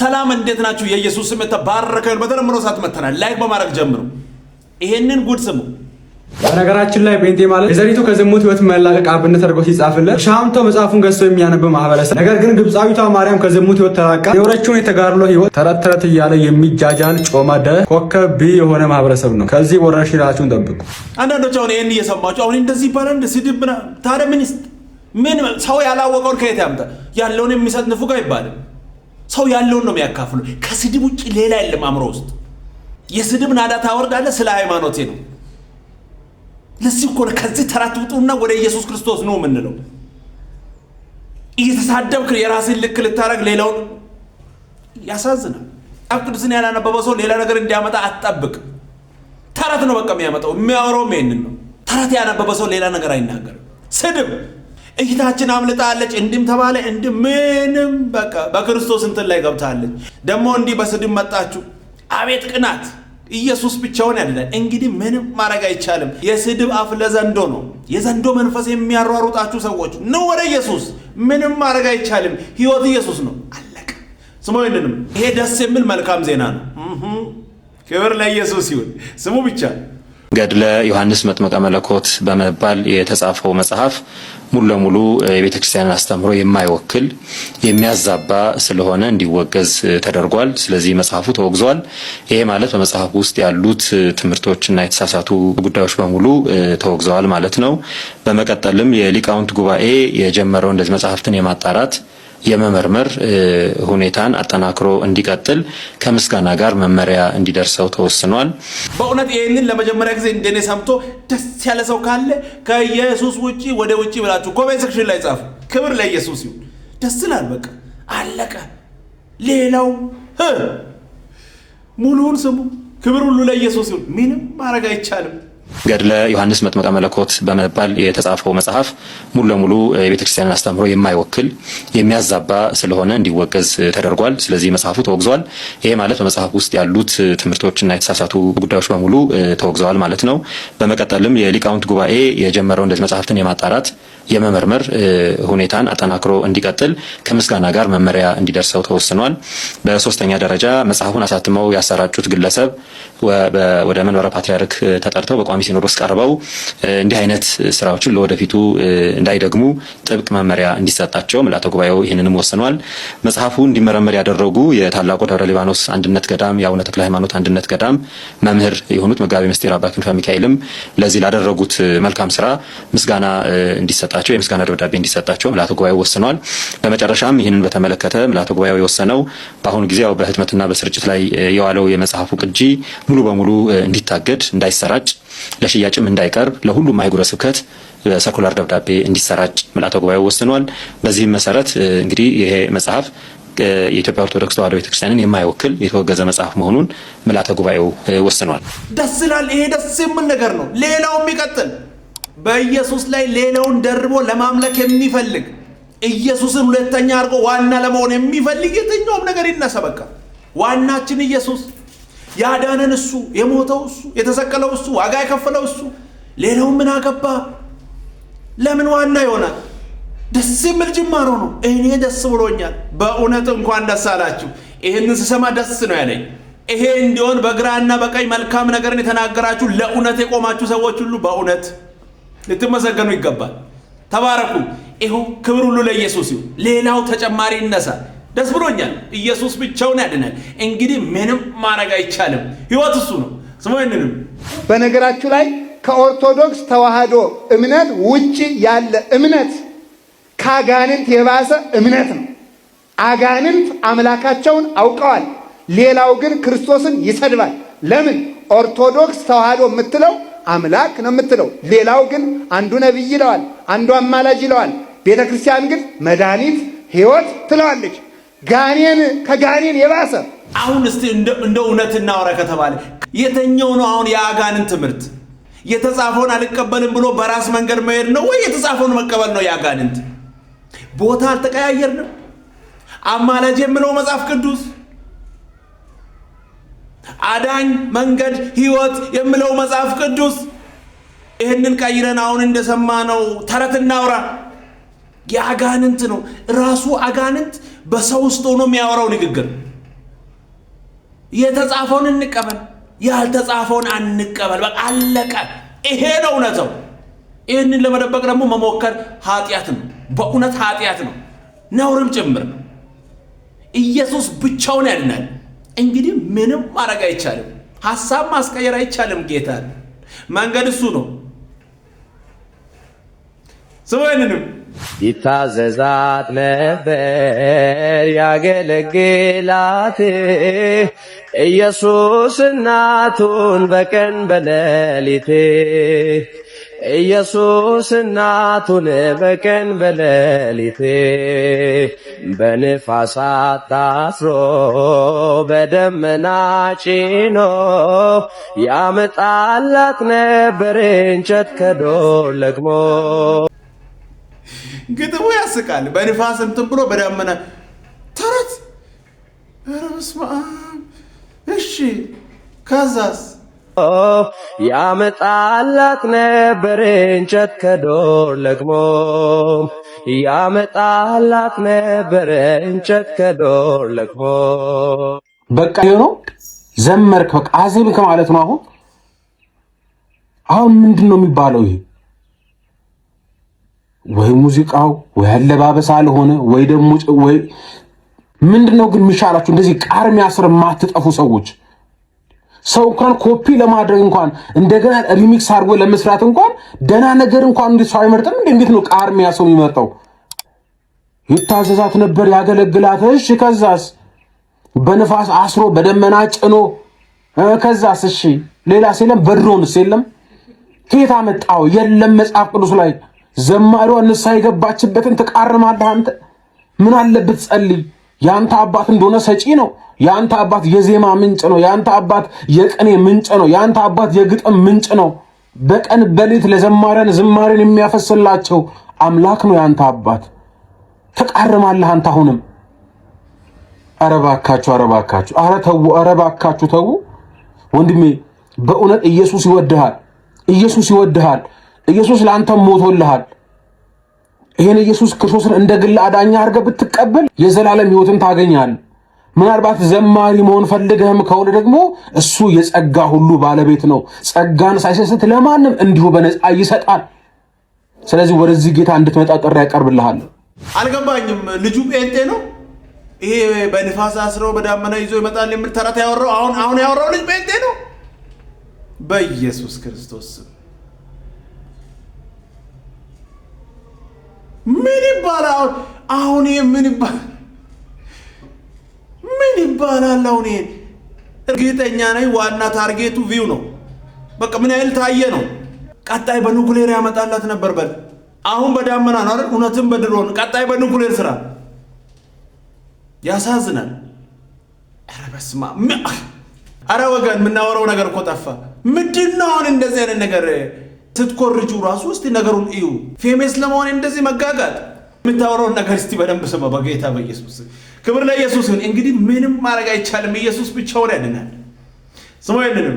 ሰላም እንዴት ናችሁ? የኢየሱስ ስም የተባረከ ይሁን። በተለምዶ ሰዓት መተናል። ላይክ በማድረግ ጀምሩ። ይሄንን ጉድ ስሙ። በነገራችን ላይ ቤንቴ ማለት የዘሪቱ ከዝሙት ህይወት መላቀቅ አብነት አድርጎ ሲጻፍለት ሻምቶ መጽሐፉን ገዝቶ የሚያነብ ማህበረሰብ፣ ነገር ግን ግብፃዊቷ ማርያም ከዝሙት ህይወት ተላቃ የወረችውን የተጋድሎ ህይወት ተረት ተረት እያለ የሚጃጃል ጮመደ ኮከብ ብ የሆነ ማህበረሰብ ነው። ከዚህ ወረርሽኝ ራሳችሁን ጠብቁ። አንዳንዶች አሁን ይህን እየሰማችሁ አሁን እንደዚህ ይባላል እንደ ስድብ ምናምን። ታዲያ ምን ሰው ያላወቀውን ከየት ያምጣ? ያለውን የሚሰጥ ንፉግ አይባልም። ሰው ያለውን ነው የሚያካፍሉ። ከስድብ ውጭ ሌላ የለም። አእምሮ ውስጥ የስድብ ናዳ ታወርዳለህ። ስለ ሃይማኖቴ ነው። ለዚህ እኮ ከዚህ ተራት ውጡና ወደ ኢየሱስ ክርስቶስ ነው የምንለው። እየተሳደብክ የራስን ልክ ልታደርግ ሌላውን ያሳዝናል። መጽሐፍ ቅዱስን ያላነበበ ሰው ሌላ ነገር እንዲያመጣ አትጠብቅ። ተረት ነው በቃ የሚያመጣው። የሚያወራውም ይህንን ነው። ተረት ያነበበ ሰው ሌላ ነገር አይናገርም። ስድብ እህታችን አምልጣለች፣ እንዲም ተባለ እንዲህ ምንም በቃ በክርስቶስ እንትን ላይ ገብታለች። ደግሞ እንዲህ በስድብ መጣችሁ። አቤት ቅናት! ኢየሱስ ብቻውን ያድናል። እንግዲህ ምንም ማድረግ አይቻልም። የስድብ አፍ ለዘንዶ ነው። የዘንዶ መንፈስ የሚያሯሩጣችሁ ሰዎች ኑ ወደ ኢየሱስ። ምንም ማድረግ አይቻልም። ህይወት ኢየሱስ ነው። አለቀ። ስሙ ይሄ ደስ የሚል መልካም ዜና ነው። ክብር ለኢየሱስ ይሁን። ስሙ ብቻ ገድለ ዮሐንስ መጥመቀ መለኮት በመባል የተጻፈው መጽሐፍ ሙሉ ለሙሉ የቤተ ክርስቲያንን አስተምሮ የማይወክል የሚያዛባ ስለሆነ እንዲወገዝ ተደርጓል። ስለዚህ መጽሐፉ ተወግዟል። ይሄ ማለት በመጽሐፉ ውስጥ ያሉት ትምህርቶችና የተሳሳቱ ጉዳዮች በሙሉ ተወግዘዋል ማለት ነው። በመቀጠልም የሊቃውንት ጉባኤ የጀመረው እንደዚህ መጽሐፍትን የማጣራት የመመርመር ሁኔታን አጠናክሮ እንዲቀጥል ከምስጋና ጋር መመሪያ እንዲደርሰው ተወስኗል። በእውነት ይህንን ለመጀመሪያ ጊዜ እንደኔ ሰምቶ ደስ ያለ ሰው ካለ ከኢየሱስ ውጭ ወደ ውጭ ብላችሁ ኮሜንት ሴክሽን ላይ ጻፉ። ክብር ለኢየሱስ ይሁን። ደስ ይላል። በቃ አለቀ። ሌላው ሙሉውን ስሙ። ክብር ሁሉ ለኢየሱስ ይሁን። ምንም ማድረግ አይቻልም። ገድለ ዮሐንስ መጥመቀ መለኮት በመባል የተጻፈው መጽሐፍ ሙሉ ለሙሉ የቤተ ክርስቲያንን አስተምሮ የማይወክል የሚያዛባ ስለሆነ እንዲወገዝ ተደርጓል። ስለዚህ መጽሐፉ ተወግዟል። ይሄ ማለት በመጽሐፍ ውስጥ ያሉት ትምህርቶችና የተሳሳቱ ጉዳዮች በሙሉ ተወግዘዋል ማለት ነው። በመቀጠልም የሊቃውንት ጉባኤ የጀመረው እንደዚህ መጽሐፍትን የማጣራት የመመርመር ሁኔታን አጠናክሮ እንዲቀጥል ከምስጋና ጋር መመሪያ እንዲደርሰው ተወስኗል። በሶስተኛ ደረጃ መጽሐፉን አሳትመው ያሰራጩት ግለሰብ ወደ መንበረ ፓትርያርክ ተጠርተው በቋሚ ለቋሚ ሲኖዶስ ቀርበው እንዲህ አይነት ስራዎችን ለወደፊቱ እንዳይደግሙ ጥብቅ መመሪያ እንዲሰጣቸው ምላተ ጉባኤው ይህንንም ወስኗል። መጽሐፉ እንዲመረመር ያደረጉ የታላቁ ደብረ ሊባኖስ አንድነት ገዳም የአቡነ ተክለ ሃይማኖት አንድነት ገዳም መምህር የሆኑት መጋቢ ምስጢር አባ ክንፈ ሚካኤልም ለዚህ ላደረጉት መልካም ስራ ምስጋና እንዲሰጣቸው የምስጋና ደብዳቤ እንዲሰጣቸው ምልአተ ጉባኤው ወስኗል። በመጨረሻም ይህንን በተመለከተ ምልአተ ጉባኤው የወሰነው በአሁኑ ጊዜ ያው በህትመትና በስርጭት ላይ የዋለው የመጽሐፉ ቅጂ ሙሉ በሙሉ እንዲታገድ እንዳይሰራጭ ለሽያጭም እንዳይቀርብ ለሁሉም አህጉረ ስብከት በሰርኩላር ደብዳቤ እንዲሰራጭ ምልአተ ጉባኤው ወስኗል። በዚህም መሰረት እንግዲህ ይሄ መጽሐፍ የኢትዮጵያ ኦርቶዶክስ ተዋህዶ ቤተክርስቲያንን የማይወክል የተወገዘ መጽሐፍ መሆኑን ምልአተ ጉባኤው ወስኗል። ደስ ይላል። ይሄ ደስ የምል ነገር ነው። ሌላውም ይቀጥል። በኢየሱስ ላይ ሌላውን ደርቦ ለማምለክ የሚፈልግ ኢየሱስን ሁለተኛ አድርጎ ዋና ለመሆን የሚፈልግ የትኛውም ነገር ይነሳ። በቃ ዋናችን ኢየሱስ ያዳነን እሱ፣ የሞተው እሱ፣ የተሰቀለው እሱ፣ ዋጋ የከፈለው እሱ። ሌላው ምን አገባ? ለምን ዋና ይሆናል? ደስ የሚል ጅማሮ ነው። እኔ ደስ ብሎኛል በእውነት እንኳን ደስ አላችሁ። ይህንን ስሰማ ደስ ነው ያለኝ። ይሄ እንዲሆን በግራና በቀኝ መልካም ነገርን የተናገራችሁ ለእውነት የቆማችሁ ሰዎች ሁሉ በእውነት ልትመሰገኑ ይገባል። ተባረኩ። ይኸው ክብር ሁሉ ለኢየሱስ ይሁን። ሌላው ተጨማሪ ይነሳ። ደስ ብሎኛል። ኢየሱስ ብቻውን ያድናል። እንግዲህ ምንም ማድረግ አይቻልም። ህይወት እሱ ነው። ስሞንንም በነገራችሁ ላይ ከኦርቶዶክስ ተዋህዶ እምነት ውጭ ያለ እምነት ከአጋንንት የባሰ እምነት ነው። አጋንንት አምላካቸውን አውቀዋል። ሌላው ግን ክርስቶስን ይሰድባል። ለምን? ኦርቶዶክስ ተዋህዶ የምትለው አምላክ ነው የምትለው። ሌላው ግን አንዱ ነቢይ ይለዋል፣ አንዱ አማላጅ ይለዋል። ቤተ ክርስቲያን ግን መድኃኒት፣ ህይወት ትለዋለች። ጋኔን ከጋኔን የባሰ አሁን እስቲ እንደ እውነት እናወራ ከተባለ የተኛው ነው አሁን የአጋንን ትምህርት የተጻፈውን አልቀበልም ብሎ በራስ መንገድ መሄድ ነው ወይ የተጻፈውን መቀበል ነው? የአጋንንት ቦታ አልተቀያየርንም። አማላጅ የምለው መጽሐፍ ቅዱስ አዳኝ፣ መንገድ፣ ህይወት የምለው መጽሐፍ ቅዱስ ይህንን ቀይረን አሁን እንደሰማነው ተረት እናውራ። የአጋንንት ነው ራሱ አጋንንት በሰው ውስጥ ሆኖ የሚያወራው ንግግር። የተጻፈውን እንቀበል፣ ያልተጻፈውን አንቀበል። በቃ አለቀ። ይሄ ነው እውነተው። ይህንን ለመደበቅ ደግሞ መሞከር ኃጢአት ነው። በእውነት ኃጢአት ነው፣ ነውርም ጭምር ነው። ኢየሱስ ብቻውን ያድናል። እንግዲህ ምንም ማድረግ አይቻልም። ሀሳብ ማስቀየር አይቻልም። ጌታ መንገድ እሱ ነው። ስበንንም ይታዘዛት ነበር ያገለግላት ኢየሱስ እናቱን በቀን በሌሊት ኢየሱስ እናቱን በቀን በሌሊት በንፋሳት ታስሮ በደመና ጭኖ ያመጣላት ነበር እንጨት ከዶር ለግሞ ግጥሙ ያስቃል። በንፋስ እንትን ብሎ በዳመና ተረት። ኧረ እሺ ከዛስ ያመጣላት ነበር እንጨት ከዶር ለግሞ ያመጣላት ነበር እንጨት ከዶር ለግሞ በቃ የሆነው ዘመርክ፣ በቃ አዜምክ ከማለት ነው። አሁን አሁን ምንድን ነው የሚባለው ይሄ? ወይ ሙዚቃው ወይ አለባበስ አልሆነ ወይ ደግሞ ወይ ምንድነው ግን የሚሻላችሁ? እንደዚህ ቃርሚያ ስር የማትጠፉ ሰዎች ሰው እንኳን ኮፒ ለማድረግ እንኳን እንደገና ሪሚክስ አድርጎ ለመስራት እንኳን ደና ነገር እንኳን እንዴት ሰው አይመርጥም? እንዴት ነው ቃርሚያ ሰው የሚመርጠው? ይታዘዛት ነበር፣ ያገለግላት። እሺ ከዛስ? በንፋስ አስሮ በደመና ጭኖ ከዛስ? እሺ ሌላስ የለም? በድሮንስ የለም? ከየት አመጣው? የለም መጽሐፍ ቅዱስ ላይ ዘማሪዋ ንስሐ የገባችበትን ትቃርማለህ አንተ። ምን አለብት ጸልይ። የአንተ አባት እንደሆነ ሰጪ ነው። የአንተ አባት የዜማ ምንጭ ነው። የአንተ አባት የቅኔ ምንጭ ነው። የአንተ አባት የግጥም ምንጭ ነው። በቀን በሌት ለዘማሪያን ዝማሬን የሚያፈስላቸው አምላክ ነው የአንተ አባት። ተቃርማለህ አንተ አሁንም። ኧረ እባካችሁ፣ ኧረ እባካችሁ፣ ኧረ ተዉ፣ ኧረ እባካችሁ ተዉ ወንድሜ። በእውነት ኢየሱስ ይወድሃል፣ ኢየሱስ ይወድሃል። ኢየሱስ ለአንተም ሞቶልሃል። ይህን ኢየሱስ ክርስቶስን እንደ ግል አዳኛ አድርገህ ብትቀበል የዘላለም ሕይወትን ታገኛል። ምናልባት ዘማሪ መሆን ፈልገህም ከሆነ ደግሞ እሱ የጸጋ ሁሉ ባለቤት ነው። ጸጋን ሳይሰስት ለማንም እንዲሁ በነፃ ይሰጣል። ስለዚህ ወደዚህ ጌታ እንድትመጣ ጥሪ ያቀርብልሃል። አልገባኝም። ልጁ ጴንጤ ነው። ይሄ በንፋስ አስሮ በዳመና ይዞ ይመጣል የሚል ተረት ያወራው አሁን አሁን ያወራው ልጅ ጴንጤ ነው። በኢየሱስ ክርስቶስ ምን ይባላል አሁን? ምን ይባላል? ምን ይባላል አሁን? እርግጠኛ ነኝ ዋና ታርጌቱ ቪው ነው። በቃ ምን ያህል ታየ ነው። ቀጣይ በኑክሌር ያመጣላት ነበር። በል አሁን በዳመና ነው አይደል? እውነትም በድሮን ቀጣይ በኑክሌር ስራ ያሳዝናል። ኧረ በስመ አብ! ኧረ ወገን የምናወራው ነገር እኮ ጠፋ። ምንድን ነው አሁን እንደዚህ አይነት ነገር ስትኮርጁ ራሱ እስቲ ነገሩን እዩ። ፌሜስ ለመሆን እንደዚህ መጋጋጥ የምታወራውን ነገር እስቲ በደንብ ስማ። በጌታ በኢየሱስ ክብር ለኢየሱስ። እንግዲህ ምንም ማድረግ አይቻልም። ኢየሱስ ብቻውን ያድናል። ስሙ የለንም።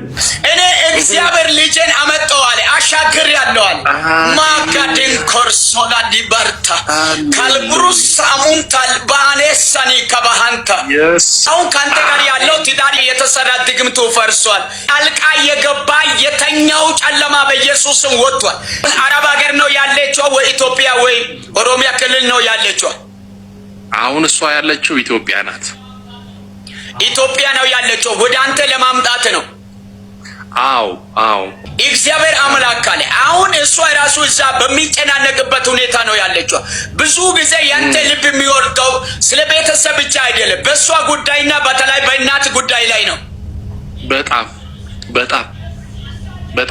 እኔ እግዚአብሔር ልጄን አመጣዋል አሻግር ያለዋል ማጋድን ኮርሶላ ዲበርታ ካልብሩስ ሳሙን ታልባኔ ከባሃንታ አሁን ከአንተ ጋር ያለው ትዳር የተሰራ ድግምቱ ፈርሷል። አልቃ የገባ የተኛው ጨለማ በኢየሱስም ወጥቷል። አረብ ሀገር ነው ያለችዋ ወይ ኢትዮጵያ ወይ ኦሮሚያ ክልል ነው ያለችዋ። አሁን እሷ ያለችው ኢትዮጵያ ናት። ኢትዮጵያ ነው ያለችው። ወደ አንተ ለማምጣት ነው። አዎ አዎ፣ እግዚአብሔር አምላክ አለ። አሁን እሷ ራሱ እዛ በሚጨናነቅበት ሁኔታ ነው ያለችው። ብዙ ጊዜ ያንተ ልብ የሚወርደው ስለ ቤተሰብ ብቻ አይደለም፣ በእሷ ጉዳይና በተለይ በእናት ጉዳይ ላይ ነው። በጣም በጣም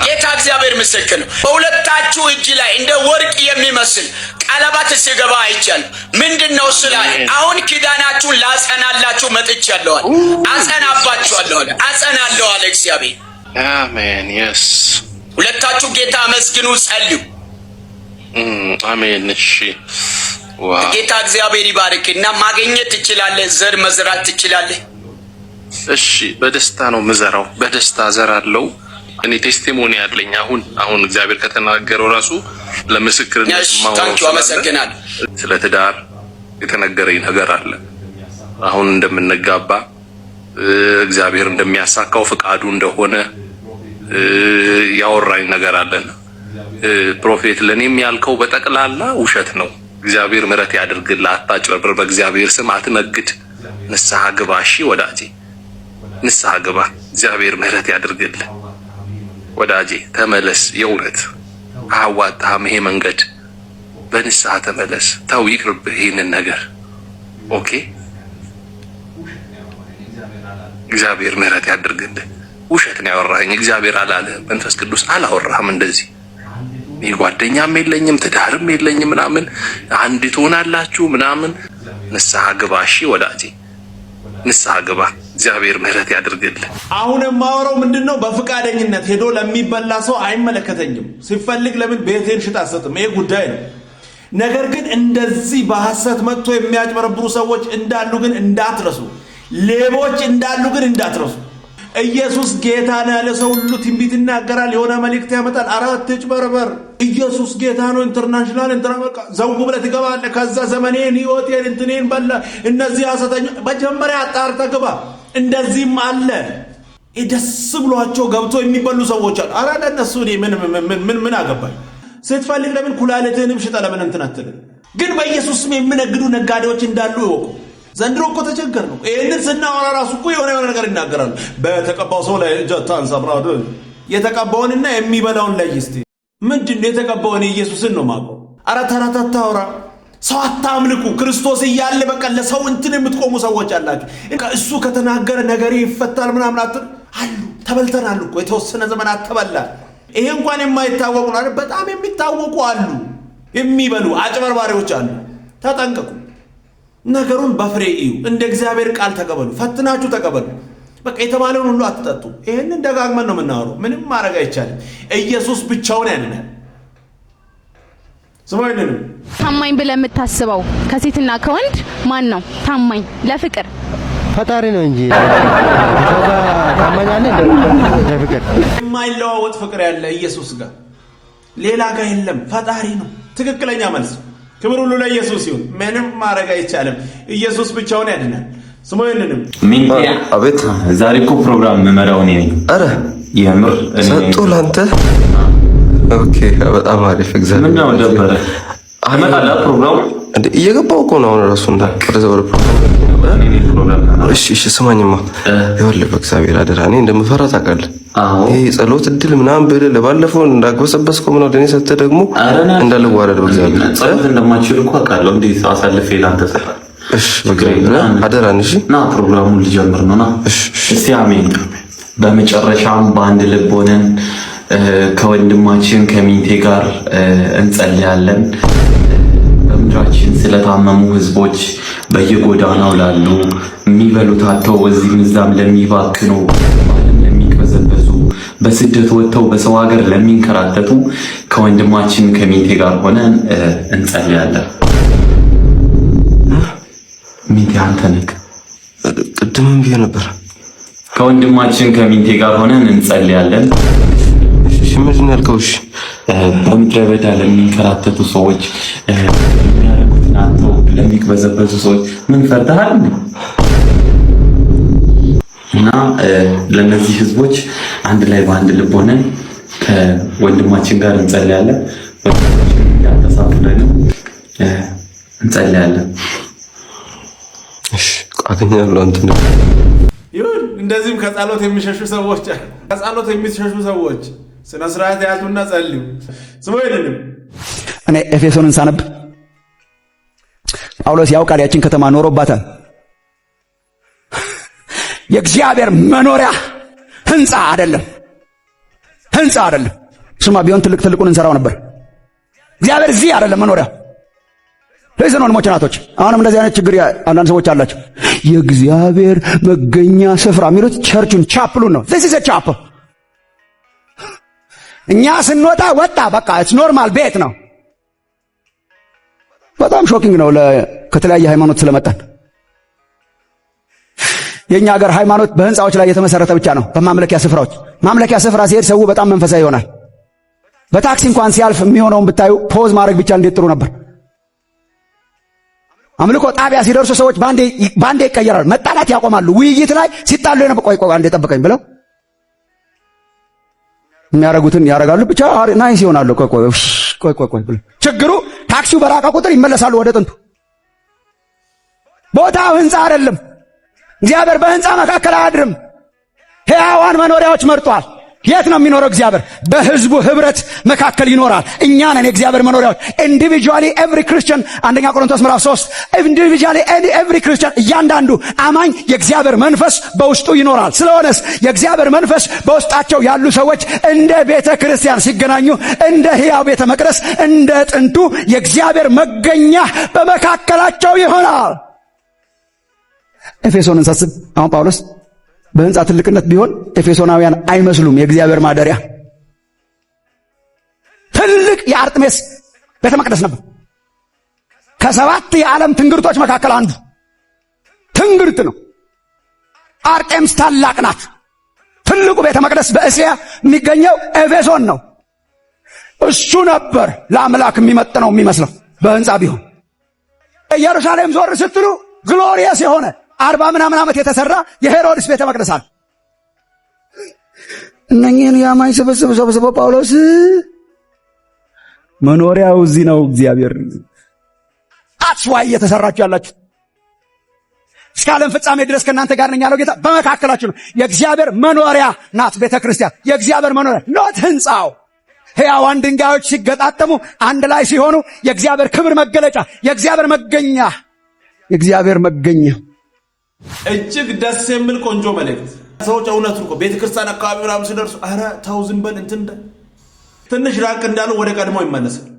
ጌታ እግዚአብሔር ምስክር ነው። በሁለታችሁ እጅ ላይ እንደ ወርቅ የሚመስል ቀለበት ሲገባ አይቻል። ምንድን ነው ስላለ አሁን ኪዳናችሁን ላጸናላችሁ መጥቻለሁ አለ። አጸናባችኋለሁ አለ። አጸናለሁ አለ እግዚአብሔር። አሜን። የስ ሁለታችሁ ጌታ አመስግኑ፣ ጸልዩ። አሜን። እሺ ጌታ እግዚአብሔር ይባርክ እና ማግኘት ትችላለህ። ዘር መዝራት ትችላለህ። እሺ፣ በደስታ ነው ምዘራው። በደስታ ዘራለው። እኔ ቴስቲሞኒ አለኝ። አሁን አሁን እግዚአብሔር ከተናገረው ራሱ ለምስክርነት ማወቅ አመሰግናለሁ። ስለ ትዳር የተነገረኝ ነገር አለ። አሁን እንደምንጋባ እግዚአብሔር እንደሚያሳካው ፍቃዱ እንደሆነ ያወራኝ ነገር አለና ፕሮፌት ለእኔም ያልከው በጠቅላላ ውሸት ነው። እግዚአብሔር ምሕረት ያድርግልህ። አታጭበርብር፣ በእግዚአብሔር ስም አትነግድ። ንስሐ ግባ። እሺ ወዳጄ ንስሐ ግባ። እግዚአብሔር ምረት ያድርግልህ። ወዳጄ ተመለስ። የእውነት አዋጣህም ይሄ መንገድ። በንስሐ ተመለስ። ተው፣ ይቅርብህ ይህንን ነገር። ኦኬ፣ እግዚአብሔር ምሕረት ያድርግልህ። ውሸት ነው እግዚአብሔር አላለ መንፈስ ቅዱስ አላወራህም እንደዚህ ጓደኛም የለኝም ትዳርም የለኝም ምናምን አንድ ትሆናላችሁ ምናምን። ንስሐ ግባ እሺ ወዳጄ፣ ንስሐ ግባ። እግዚአብሔር ምሕረት ያድርግልን። አሁን የማወራው ምንድን ነው? በፍቃደኝነት ሄዶ ለሚበላ ሰው አይመለከተኝም። ሲፈልግ ለምን ቤቴን ሽጥ አሰጥም? ይሄ ጉዳይ ነው። ነገር ግን እንደዚህ በሐሰት መጥቶ የሚያጭበረብሩ ሰዎች እንዳሉ ግን እንዳትረሱ፣ ሌቦች እንዳሉ ግን እንዳትረሱ። ኢየሱስ ጌታ ነው ያለ ሰው ሁሉ ትንቢት ይናገራል፣ የሆነ መልእክት ያመጣል። ኧረ አትጭበርበር፣ ኢየሱስ ጌታ ነው። ኢንተርናሽናል ዘውጉ ብለህ ትገባለህ። ከዛ ዘመኔን፣ ህይወቴን፣ እንትኔን በላ እነዚህ ሐሰተኞች መጀመሪያ አጣርተህ ግባ። እንደዚህም አለ። ደስ ብሏቸው ገብቶ የሚበሉ ሰዎች አሉ። ኧረ ለእነሱ ምን ምን አገባኝ? ስትፈልግ ለምን ኩላሊትህንም ሽጠ ለምን እንትን አትልም? ግን በኢየሱስ ስም የሚነግዱ ነጋዴዎች እንዳሉ ይወቁ። ዘንድሮ እኮ ተቸገር ነው። ይህንን ስናወራ ራሱ እኮ የሆነ የሆነ ነገር ይናገራሉ። በተቀባው ሰው ላይ እጅ አታንሳ። የተቀባውንና የሚበላውን ላይ ስ ምንድን የተቀባውን? ኢየሱስን ነው ማቆ አረ ተረት አታውራ። ሰው አታምልኩ። ክርስቶስ እያለ በቃ ለሰው እንትን የምትቆሙ ሰዎች አላችሁ። እሱ ከተናገረ ነገር ይፈታል ምናምን አትሉ አሉ። ተበልተናል እኮ የተወሰነ ዘመን አተበላል። ይሄ እንኳን የማይታወቁ ነው። በጣም የሚታወቁ አሉ፣ የሚበሉ አጭበርባሪዎች አሉ። ተጠንቀቁ። ነገሩን በፍሬ እዩ። እንደ እግዚአብሔር ቃል ተቀበሉ፣ ፈትናችሁ ተቀበሉ። በቃ የተባለውን ሁሉ አትጠጡ። ይህንን ደጋግመን ነው የምናወረው። ምንም ማድረግ አይቻልም። ኢየሱስ ብቻውን ያንናል። ታማኝ ብለህ የምታስበው ከሴትና ከወንድ ማን ነው ታማኝ ለፍቅር? ፈጣሪ ነው እንጂ ታማኝ አለ ለፍቅር። የማይለዋወጥ ፍቅር ያለ ኢየሱስ ጋር ሌላ ጋር የለም። ፈጣሪ ነው ትክክለኛ መልስ። ክብር ሁሉ ለኢየሱስ ይሁን። ምንም ማድረግ አይቻልም። ኢየሱስ ብቻውን ያድናል። ስሞይልንም አቤት። ዛሬ እኮ ፕሮግራም መመራውን ነኝ። አረ የምር ሰጡ ላንተ ኦኬ በጣም አሪፍ። እግዚአብሔር ምንድነው ነበረ እየገባው እኮ ነው። አሁን ራሱ እንዳ ወደዛ ወደ ፕሮግራም እሺ፣ እሺ ስማኝማ፣ ይኸውልህ በእግዚአብሔር አደራ እኔ እንደምፈራ ታውቃለህ። ይሄ ጸሎት እድል ምናምን ብለህ ለባለፈው እንዳግበሰበስከው ምናምን ወደ እኔ ደግሞ እንዳልዋረድ በእግዚአብሔር ጸሎት እንደማችል እኮ አውቃለሁ። እንዴት አሳልፌ ላንተ ሰጣለሁ። እሺ በእግዚአብሔር አደራ ነሽ ና ፕሮግራሙን ልጀምር ነው ና። እሺ፣ እሺ፣ አሜን። በመጨረሻም በአንድ ልብ ሆነን ከወንድማችን ከሚንቴ ጋር እንጸልያለን። በምድራችን ስለታመሙ ህዝቦች፣ በየጎዳናው ላሉ የሚበሉት አጥተው እዚህም እዛም ለሚባክኑ በስደት ወጥተው በሰው ሀገር ለሚንከራተቱ ከወንድማችን ከሚንቴ ጋር ሆነን እንጸልያለን። ሚንቴ አንተ ነህ። ቅድምም ብዬ ነበር። ከወንድማችን ከሚንቴ ጋር ሆነን እንጸልያለን። ምንድን ነው ያልከው? በምድረ በዳ ለሚንከራተቱ ሰዎች የሚያደርጉትን አተው ለሚቅበዘበዙ ሰዎች ምን ፈርተሃል? እና ለእነዚህ ህዝቦች አንድ ላይ በአንድ ልብ ሆነን ከወንድማችን ጋር እንጸልያለን። ያተሳፍረንም እንጸልያለን። እንጸልያለን። አገኛለሁ አንተን ይሁን። እንደዚህም ከጸሎት የሚሸሹ ሰዎች ከጸሎት የሚሸሹ ሰዎች ስነ ስርዓት ያዙና ጸልዩ። ስሙ ይልንም እኔ ኤፌሶንን ሳነብ ጳውሎስ ያውቃል ያችን ከተማ ኖሮባታል። የእግዚአብሔር መኖሪያ ህንፃ አይደለም፣ ህንፃ አይደለም። እሱማ ቢሆን ትልቅ ትልቁን እንሰራው ነበር። እግዚአብሔር እዚህ አይደለም መኖሪያ። ለዚህ ወንድሞች እናቶች፣ አሁንም እንደዚህ አይነት ችግር አንዳንድ ሰዎች አላቸው። የእግዚአብሔር መገኛ ስፍራ የሚሉት ቸርቹን ቻፕሉን ነው። ዚስ ኢዝ ቻፕል እኛ ስንወጣ ወጣ፣ በቃ ኢትስ ኖርማል ቤት ነው። በጣም ሾኪንግ ነው ከተለያየ ሃይማኖት ስለመጣን። የኛ ሀገር ሃይማኖት በህንፃዎች ላይ የተመሰረተ ብቻ ነው፣ በማምለኪያ ስፍራዎች። ማምለኪያ ስፍራ ሲሄድ ሰው በጣም መንፈሳዊ ይሆናል። በታክሲ እንኳን ሲያልፍ የሚሆነውን ብታዩ ፖዝ ማድረግ ብቻ እንዴት ጥሩ ነበር። አምልኮ ጣቢያ ሲደርሱ ሰዎች ባንዴ ይቀየራሉ። መጣላት ያቆማሉ። ውይይት ላይ ሲጣሉ የነበረ ቆይ ቆይ አንዴ ጠብቀኝ ብለው የሚያረጉትን ያረጋሉ። ብቻ ናይስ ይሆናሉ። ቆይ ቆይ ቆይ ችግሩ ታክሲው በራቀ ቁጥር ይመለሳሉ ወደ ጥንቱ። ቦታው ህንፃ አይደለም። እግዚአብሔር በህንፃ መካከል አያድርም። ሕያዋን መኖሪያዎች መርጧል። የት ነው የሚኖረው? እግዚአብሔር በህዝቡ ህብረት መካከል ይኖራል። እኛ ነን የእግዚአብሔር መኖሪያዎች። ኢንዲቪጁዋሊ ኤቭሪ ክርስቲያን አንደኛ ቆሮንቶስ ምዕራፍ 3 ኢንዲቪጁዋሊ ኤቭሪ ክርስቲያን እያንዳንዱ አማኝ የእግዚአብሔር መንፈስ በውስጡ ይኖራል። ስለሆነስ የእግዚአብሔር መንፈስ በውስጣቸው ያሉ ሰዎች እንደ ቤተ ክርስቲያን ሲገናኙ፣ እንደ ህያው ቤተ መቅደስ፣ እንደ ጥንቱ የእግዚአብሔር መገኛ በመካከላቸው ይሆናል። ኤፌሶንን ሳስብ አሁን ጳውሎስ በህንፃ ትልቅነት ቢሆን ኤፌሶናውያን አይመስሉም የእግዚአብሔር ማደሪያ። ትልቅ የአርጥሜስ ቤተ መቅደስ ነበር። ከሰባት የዓለም ትንግርቶች መካከል አንዱ ትንግርት ነው። አርጤምስ ታላቅ ናት። ትልቁ ቤተ መቅደስ በእስያ የሚገኘው ኤፌሶን ነው። እሱ ነበር ለአምላክ የሚመጥነው የሚመስለው በህንፃ ቢሆን። ኢየሩሳሌም ዞር ስትሉ ግሎሪየስ የሆነ አርባ ምናምን ዓመት የተሰራ የሄሮድስ ቤተ መቅደስ አለ። እነኚህን የአማኝ ስብስብ ሰብስቦ ጳውሎስ መኖሪያው እዚህ ነው። እግዚአብሔር አስዋይ እየተሰራችሁ ያላችሁ እስከ ዓለም ፍጻሜ ድረስ ከእናንተ ጋር ነኝ ያለው ጌታ በመካከላችሁ ነው። የእግዚአብሔር መኖሪያ ናት ቤተ ክርስቲያን። የእግዚአብሔር መኖሪያ ኖት ህንፃው ሕያዋን ድንጋዮች ሲገጣጠሙ አንድ ላይ ሲሆኑ የእግዚአብሔር ክብር መገለጫ፣ የእግዚአብሔር መገኛ፣ የእግዚአብሔር መገኛ እጅግ ደስ የሚል ቆንጆ መልእክት። ሰዎች እውነት እኮ ቤተክርስቲያን አካባቢ ምናምን ሲደርሱ አረ ተው ዝም በል እንትን ትንሽ ራቅ እንዳሉ ወደ ቀድሞ ይመለሳል።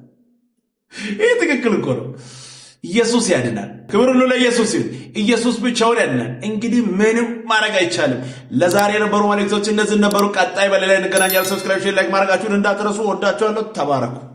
ይህ ትክክል እኮ ነው። ኢየሱስ ያድናል። ክብር ሁሉ ለኢየሱስ ይሁን። ኢየሱስ ብቻውን ያድናል። እንግዲህ ምንም ማድረግ አይቻልም። ለዛሬ የነበሩ መልእክቶች እነዚህ ነበሩ። ቀጣይ በሌላ እንገናኛለን። ሰብስክራይብ፣ ላይክ ማድረጋችሁን እንዳትረሱ። ወዳችኋለሁ። ተባረኩ።